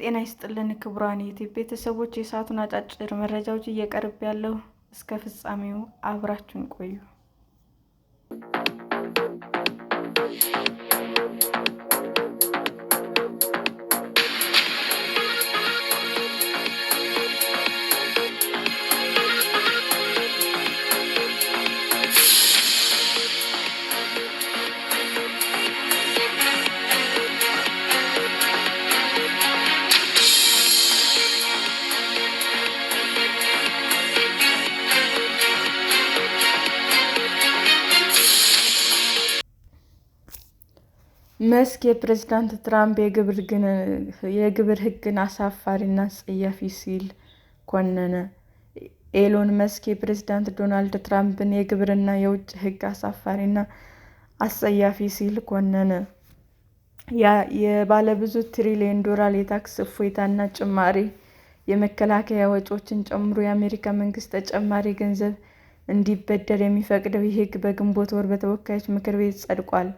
ጤና ይስጥልን ክቡራን ዩቲ ቤተሰቦች፣ የሰዓቱን አጫጭር መረጃዎች እየቀርብ ያለው እስከ ፍጻሜው አብራችን ቆዩ። መስክ የፕሬዚዳንት ትራምፕ የግብር ሕግን አሳፋሪና ጸያፊ ሲል ኮነነ። ኤሎን መስክ የፕሬዚዳንት ዶናልድ ትራምፕን የግብርና የውጭ ሕግ አሳፋሪና አጸያፊ ሲል ኮነነ። የባለብዙ ትሪሊዮን ዶላር የታክስ እፎይታና ጭማሪ የመከላከያ ወጪዎችን ጨምሮ የአሜሪካ መንግስት ተጨማሪ ገንዘብ እንዲበደር የሚፈቅደው ይህ ሕግ በግንቦት ወር በተወካዮች ምክር ቤት ጸድቋል።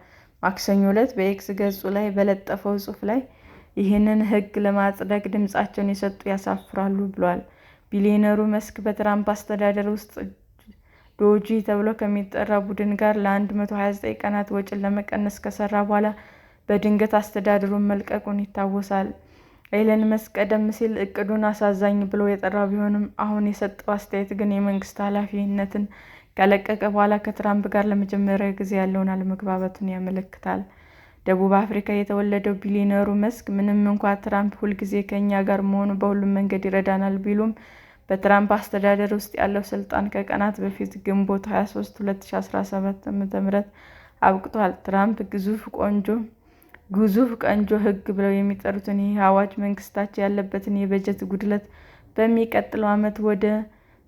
ማክሰኞ ዕለት በኤክስ ገጹ ላይ በለጠፈው ጽሑፍ ላይ ይህንን ሕግ ለማጽደቅ ድምጻቸውን የሰጡ ያሳፍራሉ ብሏል። ቢሊዮነሩ መስክ በትራምፕ አስተዳደር ውስጥ ዶጂ ተብሎ ከሚጠራ ቡድን ጋር ለ129 ቀናት ወጪን ለመቀነስ ከሰራ በኋላ በድንገት አስተዳደሩን መልቀቁን ይታወሳል። ኤለን መስክ ቀደም ሲል እቅዱን አሳዛኝ ብሎ የጠራው ቢሆንም አሁን የሰጠው አስተያየት ግን የመንግስት ኃላፊነትን ከለቀቀ በኋላ ከትራምፕ ጋር ለመጀመሪያ ጊዜ ያለውን አለመግባባትን ያመለክታል። ደቡብ አፍሪካ የተወለደው ቢሊነሩ መስክ ምንም እንኳ ትራምፕ ሁልጊዜ ከእኛ ጋር መሆኑ በሁሉም መንገድ ይረዳናል ቢሉም፣ በትራምፕ አስተዳደር ውስጥ ያለው ስልጣን ከቀናት በፊት ግንቦት 23 2017 ዓ.ም አብቅቷል። ትራምፕ ግዙፍ ቆንጆ ግዙፍ ቀንጆ ሕግ ብለው የሚጠሩትን ይህ አዋጅ መንግስታቸው ያለበትን የበጀት ጉድለት በሚቀጥለው ዓመት ወደ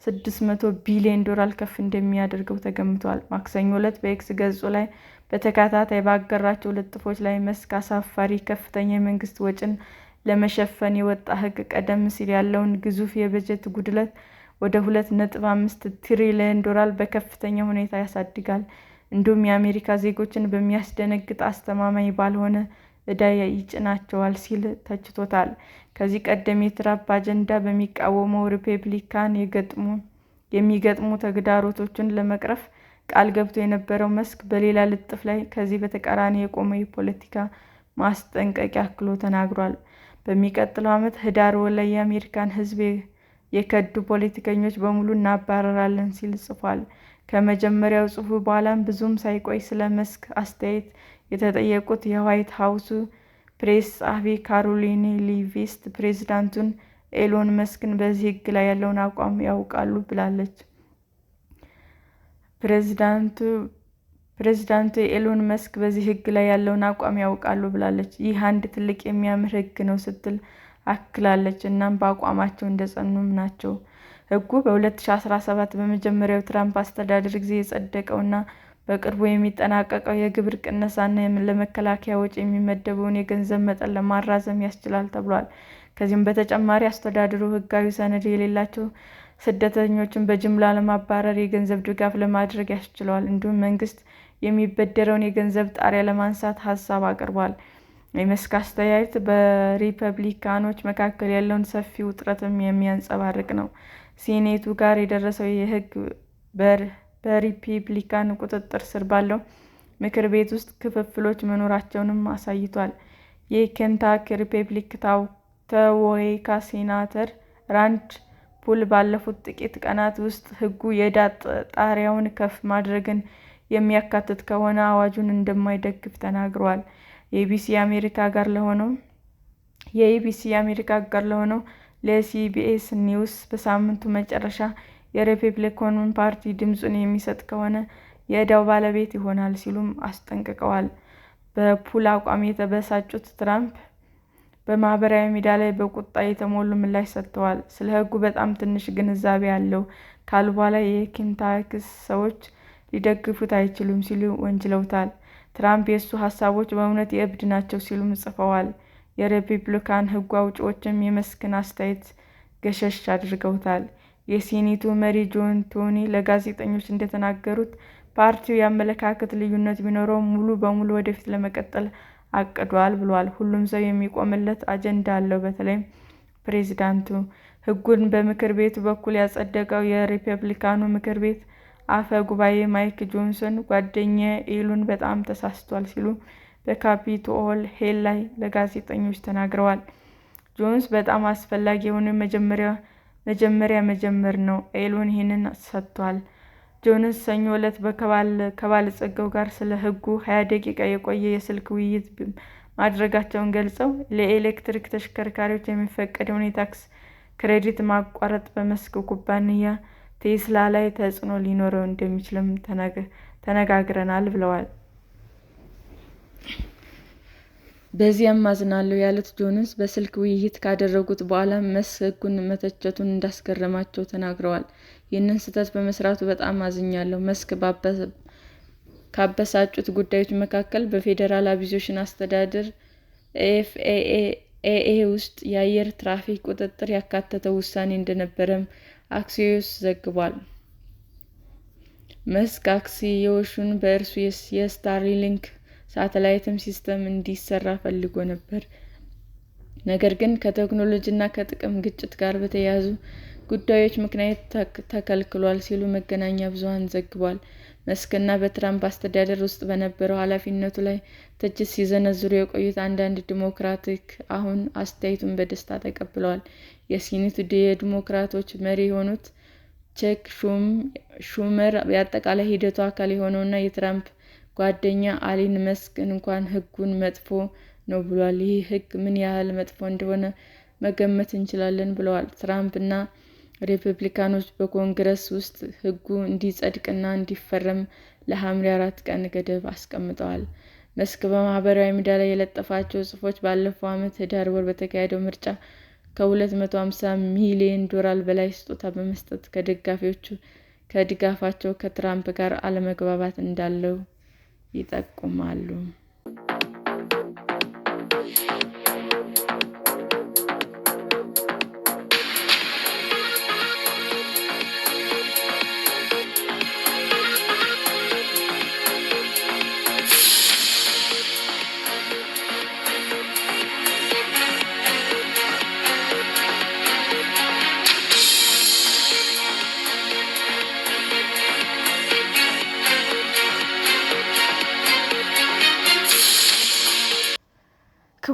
600 ቢሊዮን ዶላር ከፍ እንደሚያደርገው ተገምቷል። ማክሰኞ ዕለት በኤክስ ገጹ ላይ በተከታታይ ባገራቸው ልጥፎች ላይ መስክ አሳፋሪ ከፍተኛ የመንግስት ወጪን ለመሸፈን የወጣ ህግ ቀደም ሲል ያለውን ግዙፍ የበጀት ጉድለት ወደ ሁለት ነጥብ አምስት ትሪሊዮን ዶላር በከፍተኛ ሁኔታ ያሳድጋል። እንዲሁም የአሜሪካ ዜጎችን በሚያስደነግጥ አስተማማኝ ባልሆነ ዕዳ ይጭናቸዋል ሲል ተችቶታል። ከዚህ ቀደም የትራምፕ አጀንዳ በሚቃወመው ሪፐብሊካን የሚገጥሙ ተግዳሮቶችን ለመቅረፍ ቃል ገብቶ የነበረው መስክ በሌላ ልጥፍ ላይ ከዚህ በተቃራኒ የቆመ የፖለቲካ ማስጠንቀቂያ አክሎ ተናግሯል። በሚቀጥለው ዓመት ህዳር ወር ላይ የአሜሪካን ሕዝብ የከዱ ፖለቲከኞች በሙሉ እናባረራለን ሲል ጽፏል። ከመጀመሪያው ጽሑፉ በኋላም ብዙም ሳይቆይ ስለ መስክ አስተያየት የተጠየቁት የዋይት ሀውሱ ፕሬስ ጸሐፊ ካሮሊን ሊቪስት ፕሬዚዳንቱን ኤሎን መስክን በዚህ ህግ ላይ ያለውን አቋም ያውቃሉ ብላለች። ፕሬዚዳንቱ ኤሎን መስክ በዚህ ህግ ላይ ያለውን አቋም ያውቃሉ ብላለች። ይህ አንድ ትልቅ የሚያምር ህግ ነው ስትል አክላለች። እናም በአቋማቸው እንደጸኑም ናቸው። ህጉ በ2017 በመጀመሪያው ትራምፕ አስተዳደር ጊዜ የጸደቀውና በቅርቡ የሚጠናቀቀው የግብር ቅነሳና ለመከላከያ ወጪ የሚመደበውን የገንዘብ መጠን ለማራዘም ያስችላል ተብሏል። ከዚህም በተጨማሪ አስተዳደሩ ሕጋዊ ሰነድ የሌላቸው ስደተኞችን በጅምላ ለማባረር የገንዘብ ድጋፍ ለማድረግ ያስችለዋል። እንዲሁም መንግስት የሚበደረውን የገንዘብ ጣሪያ ለማንሳት ሀሳብ አቅርቧል። የመስክ አስተያየት በሪፐብሊካኖች መካከል ያለውን ሰፊ ውጥረትም የሚያንጸባርቅ ነው። ሴኔቱ ጋር የደረሰው የህግ በር በሪፐብሊካን ቁጥጥር ስር ባለው ምክር ቤት ውስጥ ክፍፍሎች መኖራቸውንም አሳይቷል። የኬንታክ ሪፐብሊክ ተወካይ ሴናተር ራንድ ፑል ባለፉት ጥቂት ቀናት ውስጥ ሕጉ የዕዳ ጣሪያውን ከፍ ማድረግን የሚያካትት ከሆነ አዋጁን እንደማይደግፍ ተናግረዋል። የኢቢሲ አሜሪካ ጋር ለሆነው የኢቢሲ የአሜሪካ ጋር ለሆነው ለሲቢኤስ ኒውስ በሳምንቱ መጨረሻ የሪፐብሊካኑን ፓርቲ ድምጹን የሚሰጥ ከሆነ የዕዳው ባለቤት ይሆናል ሲሉም አስጠንቅቀዋል። በፑል አቋም የተበሳጩት ትራምፕ በማህበራዊ ሚዲያ ላይ በቁጣ የተሞሉ ምላሽ ሰጥተዋል። ስለ ህጉ በጣም ትንሽ ግንዛቤ አለው ካሉ በኋላ የኬንታክስ ሰዎች ሊደግፉት አይችሉም ሲሉ ወንጅለውታል። ትራምፕ የእሱ ሀሳቦች በእውነት የእብድ ናቸው ሲሉም ጽፈዋል። የሪፐብሊካን ህጉ አውጪዎችም የመስክን አስተያየት ገሸሽ አድርገውታል። የሴኔቱ መሪ ጆን ቶኒ ለጋዜጠኞች እንደተናገሩት ፓርቲው የአመለካከት ልዩነት ቢኖረው ሙሉ በሙሉ ወደፊት ለመቀጠል አቅዷል ብሏል። ሁሉም ሰው የሚቆምለት አጀንዳ አለው። በተለይም ፕሬዚዳንቱ ሕጉን በምክር ቤቱ በኩል ያጸደቀው የሪፐብሊካኑ ምክር ቤት አፈ ጉባኤ ማይክ ጆንሰን ጓደኛዬ ኢሉን በጣም ተሳስቷል ሲሉ በካፒቶል ሄል ላይ ለጋዜጠኞች ተናግረዋል። ጆንስ በጣም አስፈላጊ የሆኑ መጀመሪያ መጀመሪያ መጀመር ነው። ኤሎን ይህንን ሰጥቷል። ጆንስ ሰኞ ዕለት ከባለጸጋው ጋር ስለ ሕጉ ሀያ ደቂቃ የቆየ የስልክ ውይይት ማድረጋቸውን ገልጸው ለኤሌክትሪክ ተሽከርካሪዎች የሚፈቀደውን የታክስ ክሬዲት ማቋረጥ በመስክ ኩባንያ ቴስላ ላይ ተጽዕኖ ሊኖረው እንደሚችልም ተነጋግረናል ብለዋል። በዚያም አዝናለሁ ያሉት ጆንስ በስልክ ውይይት ካደረጉት በኋላ መስክ ሕጉን መተቸቱን እንዳስገረማቸው ተናግረዋል። ይህንን ስህተት በመስራቱ በጣም አዝኛለሁ። መስክ ካበሳጩት ጉዳዮች መካከል በፌዴራል አቪዬሽን አስተዳደር ኤኤ ውስጥ የአየር ትራፊክ ቁጥጥር ያካተተው ውሳኔ እንደነበረም አክሲዮስ ዘግቧል። መስክ አክሲዮሹን በእርሱ የስታርሊንክ ሳተላይትም ሲስተም እንዲሰራ ፈልጎ ነበር። ነገር ግን ከቴክኖሎጂና ከጥቅም ግጭት ጋር በተያያዙ ጉዳዮች ምክንያት ተከልክሏል ሲሉ መገናኛ ብዙኃን ዘግቧል። መስክና በትራምፕ አስተዳደር ውስጥ በነበረው ኃላፊነቱ ላይ ትችት ሲዘነዝሩ የቆዩት አንዳንድ ዲሞክራቶች አሁን አስተያየቱን በደስታ ተቀብለዋል። የሴኔቱ የዲሞክራቶች መሪ የሆኑት ቼክ ሹመር የአጠቃላይ ሂደቱ አካል የሆነውና የትራምፕ ጓደኛ አሊን መስክን እንኳን ሕጉን መጥፎ ነው ብሏል። ይህ ሕግ ምን ያህል መጥፎ እንደሆነ መገመት እንችላለን ብለዋል። ትራምፕ እና ሪፐብሊካኖች በኮንግረስ ውስጥ ህጉ እንዲጸድቅና እንዲፈረም ለሐምሌ አራት ቀን ገደብ አስቀምጠዋል። መስክ በማህበራዊ ሚዲያ ላይ የለጠፋቸው ጽሑፎች ባለፈው ዓመት ህዳር ወር በተካሄደው ምርጫ ከ250 ሚሊዮን ዶላር በላይ ስጦታ በመስጠት ከደጋፊዎቹ ከድጋፋቸው ከትራምፕ ጋር አለመግባባት እንዳለው ይጠቁማሉ።